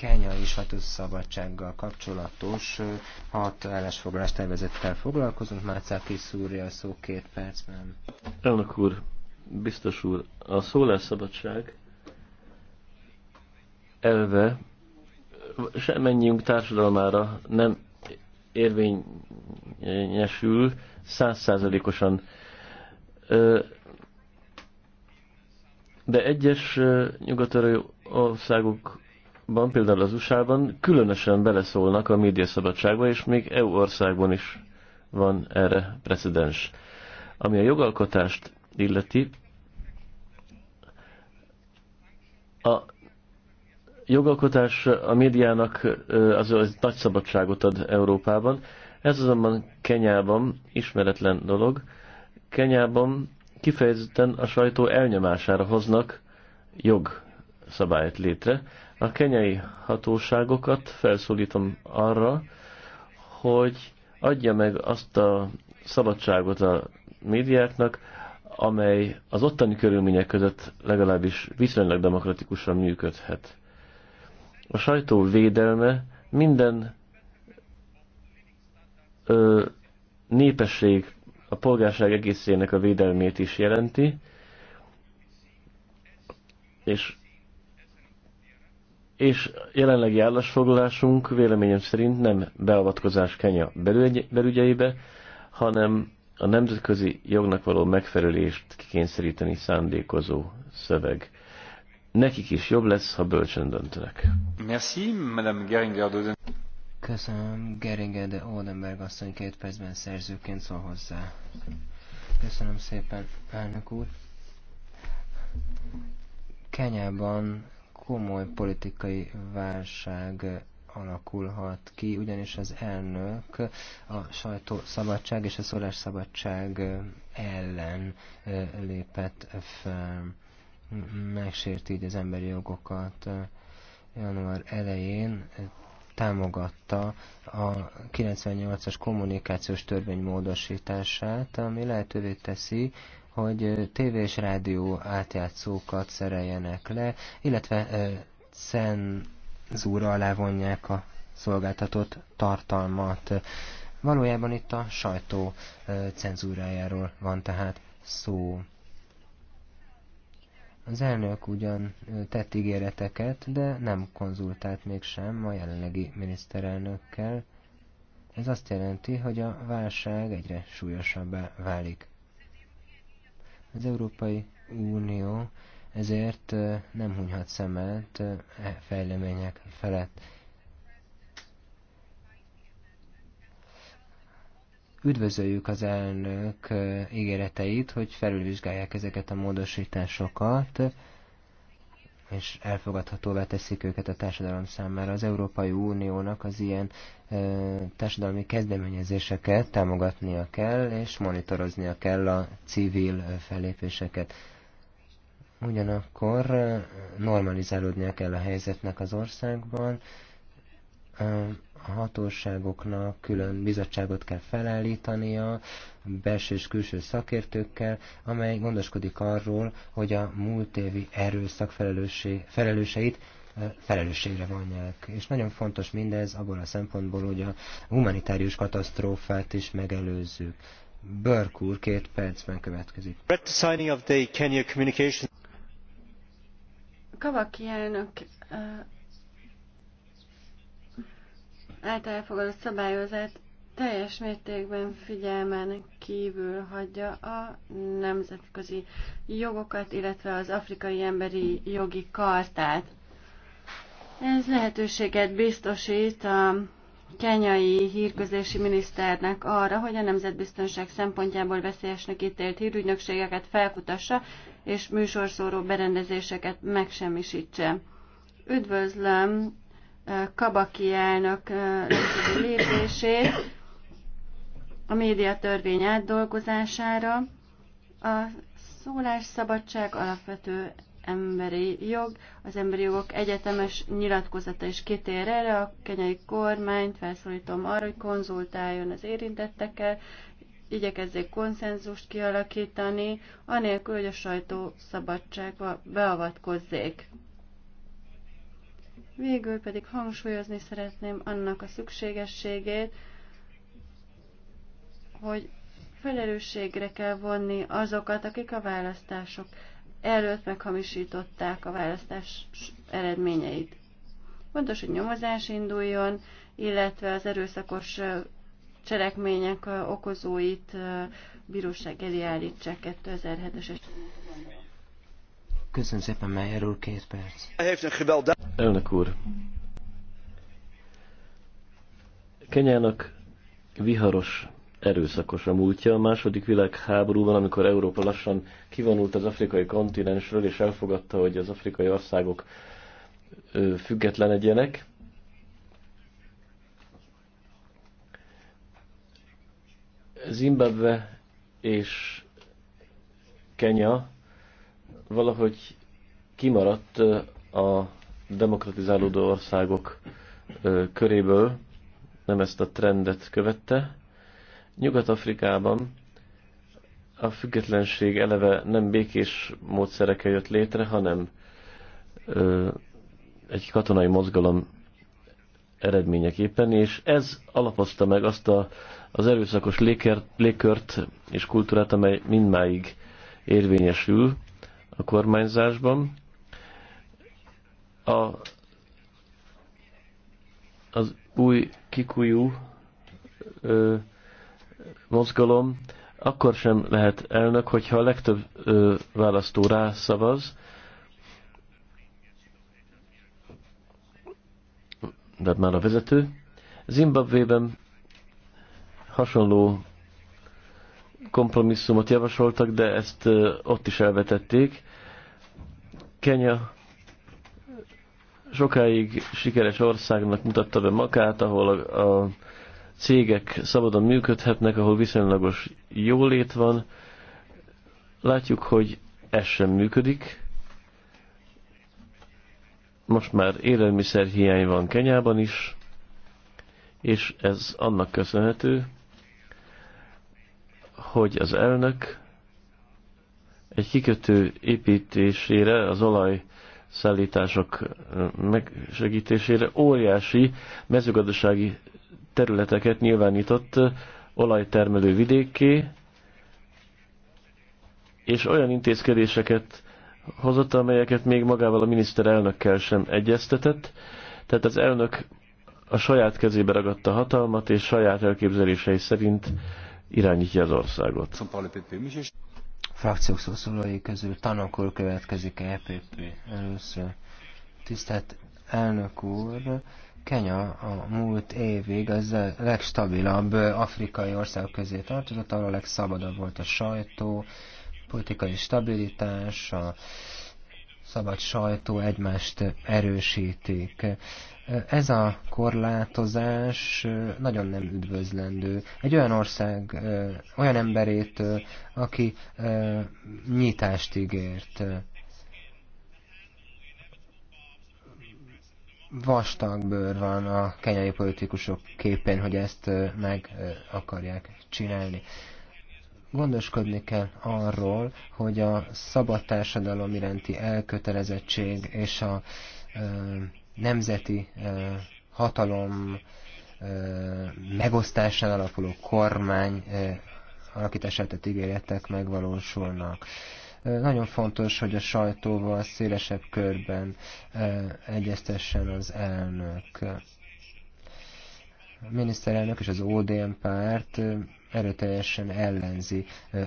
kenyai hát szabadsággal kapcsolatos hat állásfoglalás tervezettel foglalkozunk. Márcáki szúrja a szó két percben. Elnök úr, biztos úr, a szólásszabadság elve semmennyiünk társadalmára nem érvényesül százszázalékosan. De egyes nyugat országok Európában, például az USA-ban különösen beleszólnak a médiaszabadságba, és még EU országban is van erre precedens. Ami a jogalkotást illeti, a jogalkotás a médiának az, az nagy szabadságot ad Európában. Ez azonban Kenyában ismeretlen dolog. Kenyában kifejezetten a sajtó elnyomására hoznak jogszabályt létre. A kenyai hatóságokat felszólítom arra, hogy adja meg azt a szabadságot a médiáknak, amely az ottani körülmények között legalábbis viszonylag demokratikusan működhet. A sajtó védelme minden ö, népesség, a polgárság egészének a védelmét is jelenti, és és jelenlegi állásfoglalásunk véleményem szerint nem beavatkozás Kenya belügyeibe, hanem a nemzetközi jognak való megfelelést kikényszeríteni szándékozó szöveg. Nekik is jobb lesz, ha bölcsön döntenek. Merci, Madame Geringer de Köszönöm, Geringer de Oldenberg asszony két percben szerzőként szól hozzá. Köszönöm szépen, elnök úr. Kenyában komoly politikai válság alakulhat ki, ugyanis az elnök a sajtószabadság és a szólásszabadság ellen lépett fel, megsérti így az emberi jogokat. Január elején támogatta a 98-as kommunikációs törvény módosítását, ami lehetővé teszi, hogy tévé és rádió átjátszókat szereljenek le, illetve cenzúra alá vonják a szolgáltatott tartalmat. Valójában itt a sajtó cenzúrájáról van tehát szó. Az elnök ugyan tett ígéreteket, de nem konzultált mégsem a jelenlegi miniszterelnökkel. Ez azt jelenti, hogy a válság egyre súlyosabbá válik. Az Európai Unió ezért nem hunyhat szemet e fejlemények felett. Üdvözöljük az elnök ígéreteit, hogy felülvizsgálják ezeket a módosításokat, és elfogadhatóvá teszik őket a társadalom számára. Az Európai Uniónak az ilyen ö, társadalmi kezdeményezéseket támogatnia kell, és monitoroznia kell a civil fellépéseket. Ugyanakkor normalizálódnia kell a helyzetnek az országban, a hatóságoknak külön bizottságot kell felállítania, belső és külső szakértőkkel, amely gondoskodik arról, hogy a múlt évi erőszak felelőseit felelősségre vonják. És nagyon fontos mindez abból a szempontból, hogy a humanitárius katasztrófát is megelőzzük. Burke úr két percben következik. Kavakiának elnök által elfogadott szabályozat teljes mértékben figyelmen kívül hagyja a nemzetközi jogokat, illetve az afrikai emberi jogi kartát. Ez lehetőséget biztosít a kenyai hírközlési miniszternek arra, hogy a nemzetbiztonság szempontjából veszélyesnek ítélt hírügynökségeket felkutassa és műsorszóró berendezéseket megsemmisítse. Üdvözlöm Kabaki elnök lépését a médiatörvény átdolgozására. A szólásszabadság alapvető emberi jog, az emberi jogok egyetemes nyilatkozata is kitér erre. A kenyai kormányt felszólítom arra, hogy konzultáljon az érintettekkel, igyekezzék konszenzust kialakítani, anélkül, hogy a sajtó szabadságba beavatkozzék. Végül pedig hangsúlyozni szeretném annak a szükségességét, hogy felelősségre kell vonni azokat, akik a választások előtt meghamisították a választás eredményeit. Fontos, hogy nyomozás induljon, illetve az erőszakos cselekmények okozóit bíróság elé állítsák 2007-es Köszönöm szépen, Meyer úr, két perc. Elnök úr. Kenyának viharos, erőszakos a múltja. A második világháborúban, amikor Európa lassan kivonult az afrikai kontinensről, és elfogadta, hogy az afrikai országok függetlenedjenek, Zimbabwe és Kenya valahogy kimaradt a demokratizálódó országok köréből, nem ezt a trendet követte. Nyugat-Afrikában a függetlenség eleve nem békés módszerekkel jött létre, hanem egy katonai mozgalom eredményeképpen, és ez alapozta meg azt a, az erőszakos lékert, lékört és kultúrát, amely mindmáig érvényesül, a kormányzásban. A, az új kikujú ö, mozgalom akkor sem lehet elnök, hogyha a legtöbb ö, választó rászavaz. De hát már a vezető. Zimbabvében hasonló kompromisszumot javasoltak, de ezt ott is elvetették. Kenya sokáig sikeres országnak mutatta be magát, ahol a, a cégek szabadon működhetnek, ahol viszonylagos jólét van. Látjuk, hogy ez sem működik. Most már élelmiszerhiány van Kenyában is, és ez annak köszönhető, hogy az elnök egy kikötő építésére, az olaj szállítások megsegítésére óriási mezőgazdasági területeket nyilvánított olajtermelő vidékké, és olyan intézkedéseket hozott, amelyeket még magával a miniszterelnökkel sem egyeztetett. Tehát az elnök a saját kezébe ragadta hatalmat, és saját elképzelései szerint irányítja az országot. Frakciók szószólói közül Tanakor következik EPP először. Tisztelt elnök úr, Kenya a múlt évig az a legstabilabb afrikai ország közé tartozott, ahol a legszabadabb volt a sajtó, politikai stabilitás, a szabad sajtó egymást erősítik. Ez a korlátozás nagyon nem üdvözlendő. Egy olyan ország, olyan emberét, aki nyitást ígért, vastag bőr van a kenyai politikusok képén, hogy ezt meg akarják csinálni. Gondoskodni kell arról, hogy a szabad társadalom iránti elkötelezettség és a nemzeti hatalom megosztásán alapuló kormány alakítását tett ígéretek megvalósulnak. Nagyon fontos, hogy a sajtóval szélesebb körben egyeztessen az elnök. A miniszterelnök és az ODM párt erőteljesen ellenzi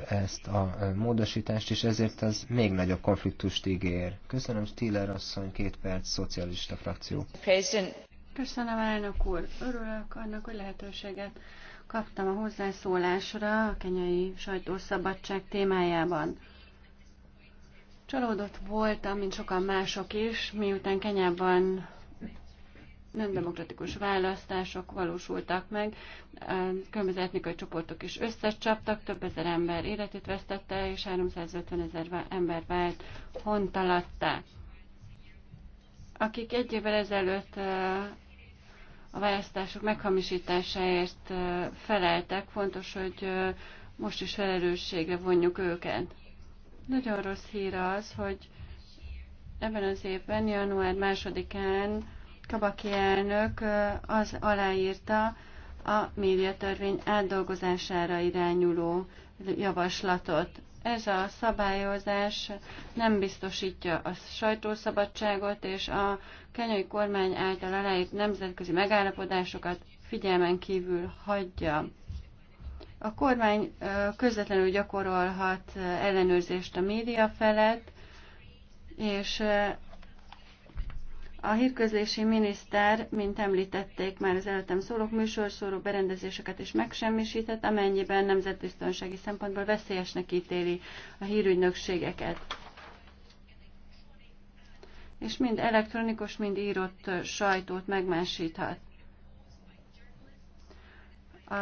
ezt a módosítást, és ezért ez még nagyobb konfliktust ígér. Köszönöm, Stiller asszony, két perc, szocialista frakció. President. Köszönöm, elnök úr. Örülök annak, hogy lehetőséget kaptam a hozzászólásra a kenyai sajtószabadság témájában. Csalódott voltam, mint sokan mások is, miután Kenyában nem demokratikus választások valósultak meg, különböző etnikai csoportok is összecsaptak, több ezer ember életét vesztette, és 350 ezer ember vált hontalatta. Akik egy évvel ezelőtt a választások meghamisításáért feleltek, fontos, hogy most is felelősségre vonjuk őket. Nagyon rossz hír az, hogy ebben az évben, január másodikán Kabaki elnök az aláírta a médiatörvény átdolgozására irányuló javaslatot. Ez a szabályozás nem biztosítja a sajtószabadságot, és a kenyai kormány által aláírt nemzetközi megállapodásokat figyelmen kívül hagyja. A kormány közvetlenül gyakorolhat ellenőrzést a média felett, és a hírközlési miniszter, mint említették már az előttem szólók, műsorszóró berendezéseket is megsemmisített, amennyiben nemzetbiztonsági szempontból veszélyesnek ítéli a hírügynökségeket. És mind elektronikus, mind írott sajtót megmásíthat. A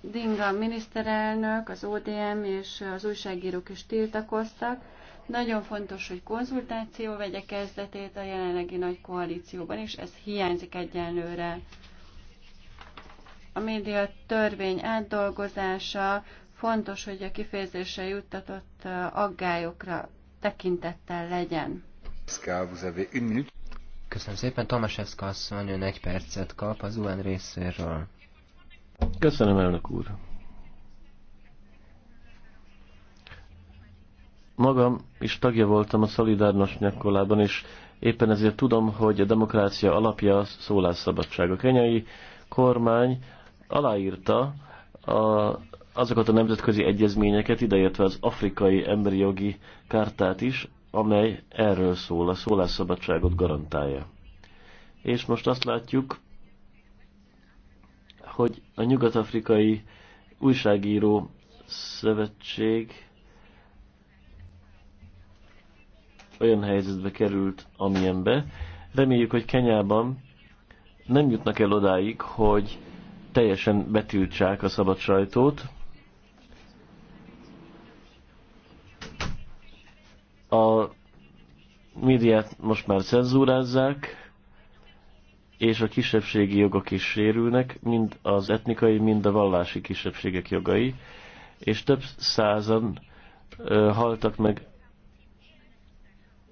Dinga miniszterelnök, az ODM és az újságírók is tiltakoztak, nagyon fontos, hogy konzultáció vegye kezdetét a jelenlegi nagy koalícióban, és ez hiányzik egyenlőre. A média törvény átdolgozása fontos, hogy a kifejezésre juttatott aggályokra tekintettel legyen. Köszönöm szépen, Tomaszewska asszony ön egy percet kap az UN részéről. Köszönöm, elnök úr. magam is tagja voltam a Szolidárnos nyakkolában, és éppen ezért tudom, hogy a demokrácia alapja a szólásszabadság. A kenyai kormány aláírta a, azokat a nemzetközi egyezményeket, ideértve az afrikai emberi jogi kártát is, amely erről szól, a szólásszabadságot garantálja. És most azt látjuk, hogy a Nyugat-Afrikai Újságíró Szövetség olyan helyzetbe került, amilyenbe. Reméljük, hogy Kenyában nem jutnak el odáig, hogy teljesen betiltsák a szabad sajtót. A médiát most már cenzúrázzák, és a kisebbségi jogok is sérülnek, mind az etnikai, mind a vallási kisebbségek jogai, és több százan ö, haltak meg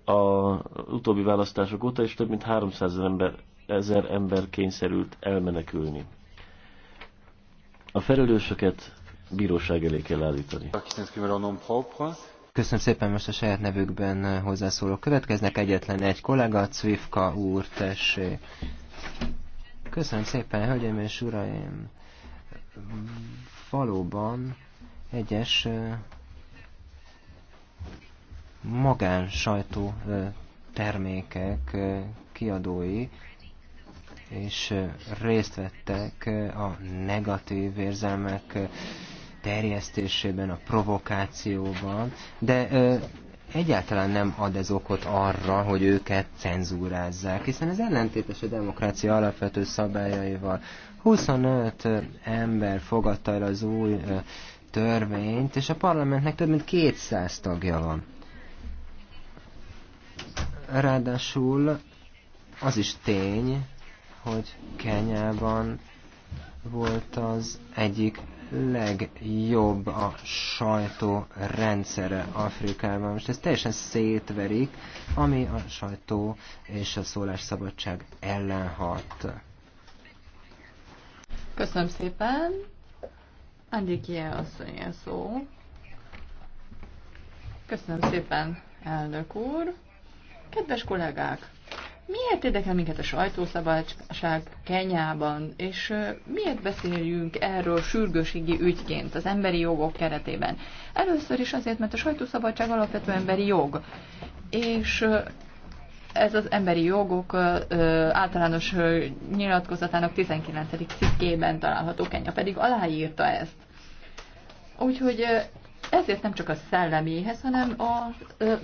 a utóbbi választások óta is több mint 300 ember, ezer ember kényszerült elmenekülni. A felelősöket bíróság elé kell állítani. Köszönöm szépen, most a saját nevükben hozzászólók következnek. Egyetlen egy kollega, Cvifka úr, tessé. Köszönöm szépen, hölgyeim és uraim. Valóban egyes magán sajtó termékek kiadói és részt vettek a negatív érzelmek terjesztésében, a provokációban, de egyáltalán nem ad ez okot arra, hogy őket cenzúrázzák, hiszen ez ellentétes a demokrácia alapvető szabályaival. 25 ember fogadta el az új törvényt, és a parlamentnek több mint 200 tagja van. Ráadásul az is tény, hogy Kenyában volt az egyik legjobb a sajtó rendszere Afrikában. Most ez teljesen szétverik, ami a sajtó és a szólásszabadság ellen hat. Köszönöm szépen. ilyen asszony szó. Köszönöm szépen, elnök úr. Kedves kollégák, miért érdekel minket a sajtószabadság Kenyában, és miért beszéljünk erről sürgőségi ügyként az emberi jogok keretében? Először is azért, mert a sajtószabadság alapvető emberi jog, és ez az emberi jogok általános nyilatkozatának 19. cikkében található, Kenya pedig aláírta ezt. Úgyhogy ezért nem csak a szelleméhez, hanem a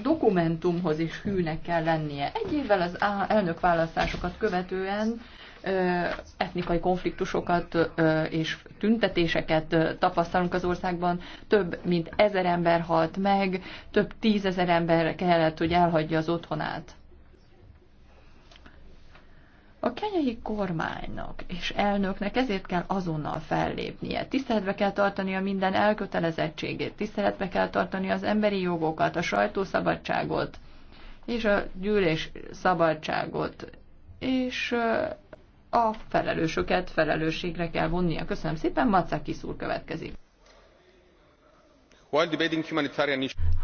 dokumentumhoz is hűnek kell lennie. Egy évvel az választásokat követően etnikai konfliktusokat és tüntetéseket tapasztalunk az országban. Több mint ezer ember halt meg, több tízezer ember kellett, hogy elhagyja az otthonát. A kenyai kormánynak és elnöknek ezért kell azonnal fellépnie. Tiszteletbe kell a minden elkötelezettségét, tiszteletbe kell tartani az emberi jogokat, a sajtószabadságot és a gyűlés szabadságot, és a felelősöket felelősségre kell vonnia. Köszönöm szépen, Macaki úr következik.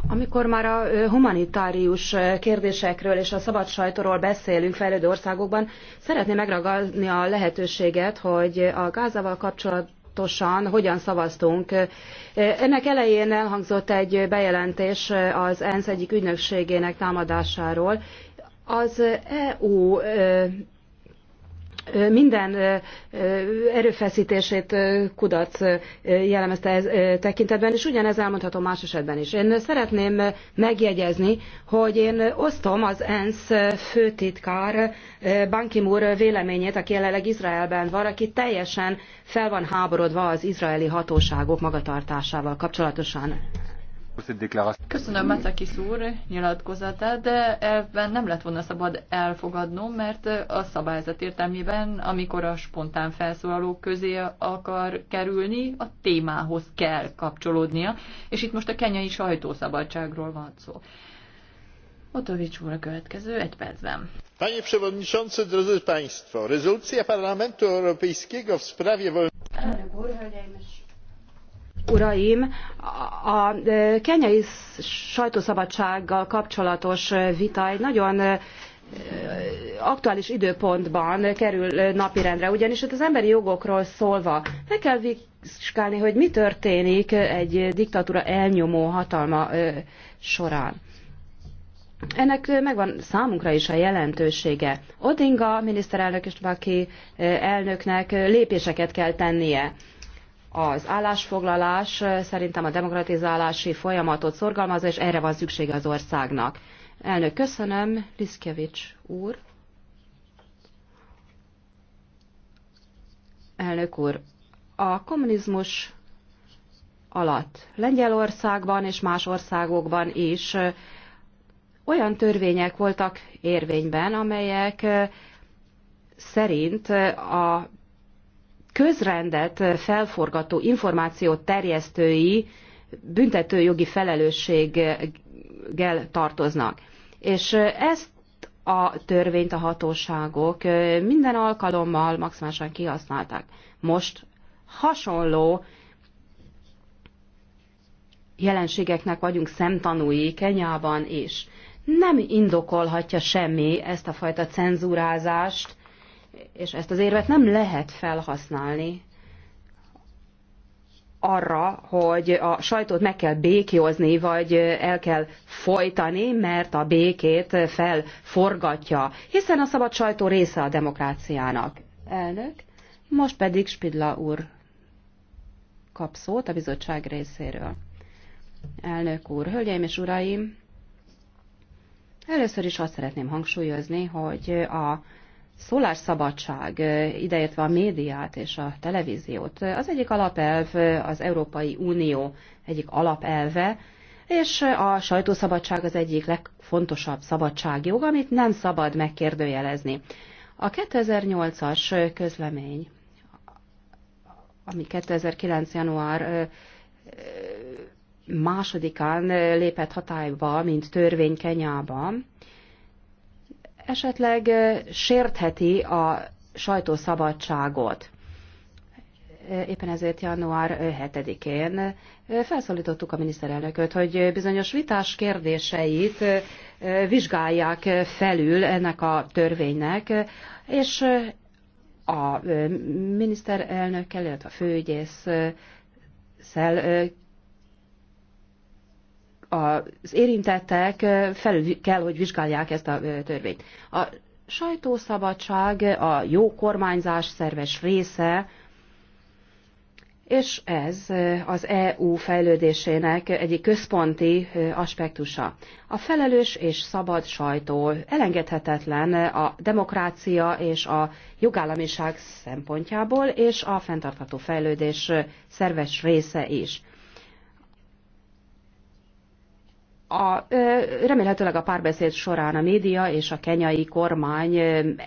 Amikor már a humanitárius kérdésekről és a szabad sajtóról beszélünk fejlődő országokban, szeretném megragadni a lehetőséget, hogy a gázával kapcsolatosan hogyan szavaztunk. Ennek elején elhangzott egy bejelentés az ENSZ egyik ügynökségének támadásáról. Az EU minden erőfeszítését kudarc jellemezte ez tekintetben, és ugyanez elmondható más esetben is. Én szeretném megjegyezni, hogy én osztom az ENSZ főtitkár Bankimur véleményét, aki jelenleg Izraelben van, aki teljesen fel van háborodva az izraeli hatóságok magatartásával kapcsolatosan. Köszönöm Macakis úr nyilatkozatát, de elvben nem lett volna szabad elfogadnom, mert a szabályzat értelmében, amikor a spontán felszólalók közé akar kerülni, a témához kell kapcsolódnia, és itt most a kenyai sajtószabadságról van szó. Otovics úr a következő egy percben. Panie Przewodniczący, drodzy Państwo, rezolucja Parlamentu Europejskiego w sprawie wolności uraim! A e, kenyai sajtószabadsággal kapcsolatos vita egy nagyon e, aktuális időpontban kerül napirendre, ugyanis itt az emberi jogokról szólva meg kell vizsgálni, hogy mi történik egy diktatúra elnyomó hatalma e, során. Ennek megvan számunkra is a jelentősége. Odinga miniszterelnök és Baki elnöknek lépéseket kell tennie az állásfoglalás szerintem a demokratizálási folyamatot szorgalmazza, és erre van szüksége az országnak. Elnök, köszönöm, Liszkevics úr. Elnök úr, a kommunizmus alatt Lengyelországban és más országokban is olyan törvények voltak érvényben, amelyek szerint a közrendet felforgató információt terjesztői büntetőjogi felelősséggel tartoznak. És ezt a törvényt a hatóságok minden alkalommal maximálisan kihasználták. Most hasonló jelenségeknek vagyunk szemtanúi Kenyában is. Nem indokolhatja semmi ezt a fajta cenzúrázást, és ezt az érvet nem lehet felhasználni arra, hogy a sajtót meg kell békjózni, vagy el kell folytani, mert a békét felforgatja, hiszen a szabad sajtó része a demokráciának. Elnök, most pedig Spidla úr kap szót a bizottság részéről. Elnök úr, hölgyeim és uraim! Először is azt szeretném hangsúlyozni, hogy a szólásszabadság, ideértve a médiát és a televíziót, az egyik alapelv az Európai Unió egyik alapelve, és a sajtószabadság az egyik legfontosabb szabadságjog, amit nem szabad megkérdőjelezni. A 2008-as közlemény, ami 2009. január másodikán lépett hatályba, mint törvény Kenyában, esetleg sértheti a sajtószabadságot. Éppen ezért január 7-én felszólítottuk a miniszterelnököt, hogy bizonyos vitás kérdéseit vizsgálják felül ennek a törvénynek, és a miniszterelnökkel, illetve a főügyészszel az érintettek felül kell, hogy vizsgálják ezt a törvényt. A sajtószabadság a jó kormányzás szerves része, és ez az EU fejlődésének egyik központi aspektusa. A felelős és szabad sajtó elengedhetetlen a demokrácia és a jogállamiság szempontjából, és a fenntartható fejlődés szerves része is. a, remélhetőleg a párbeszéd során a média és a kenyai kormány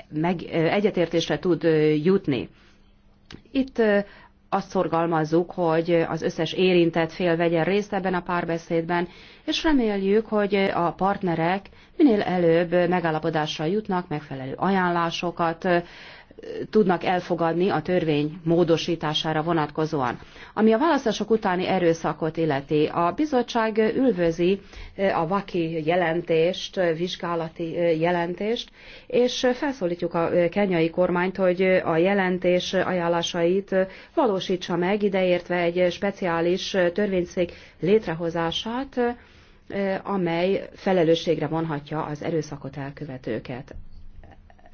meg, egyetértésre tud jutni. Itt azt szorgalmazzuk, hogy az összes érintett fél vegyen részt ebben a párbeszédben, és reméljük, hogy a partnerek minél előbb megállapodásra jutnak, megfelelő ajánlásokat tudnak elfogadni a törvény módosítására vonatkozóan. Ami a választások utáni erőszakot illeti, a bizottság ülvözi eh, a VAKI jelentést, eh, vizsgálati eh, jelentést, és felszólítjuk a kenyai kormányt, hogy a jelentés ajánlásait valósítsa meg, ideértve egy speciális törvényszék létrehozását, amely felelősségre vonhatja az erőszakot elkövetőket.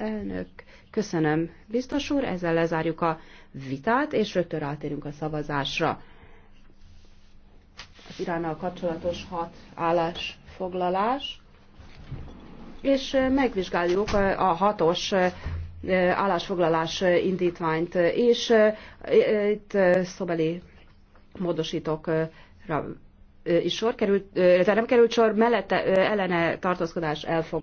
Elnök, köszönöm. Biztos úr, ezzel lezárjuk a vitát, és rögtön rátérünk a szavazásra. Az Iránnal kapcsolatos hat állásfoglalás, és eh, megvizsgáljuk eh, a hatos eh, állásfoglalás indítványt, és itt szobeli módosítókra is sor került, Ez nem került sor, mellette ellene tartózkodás elfog.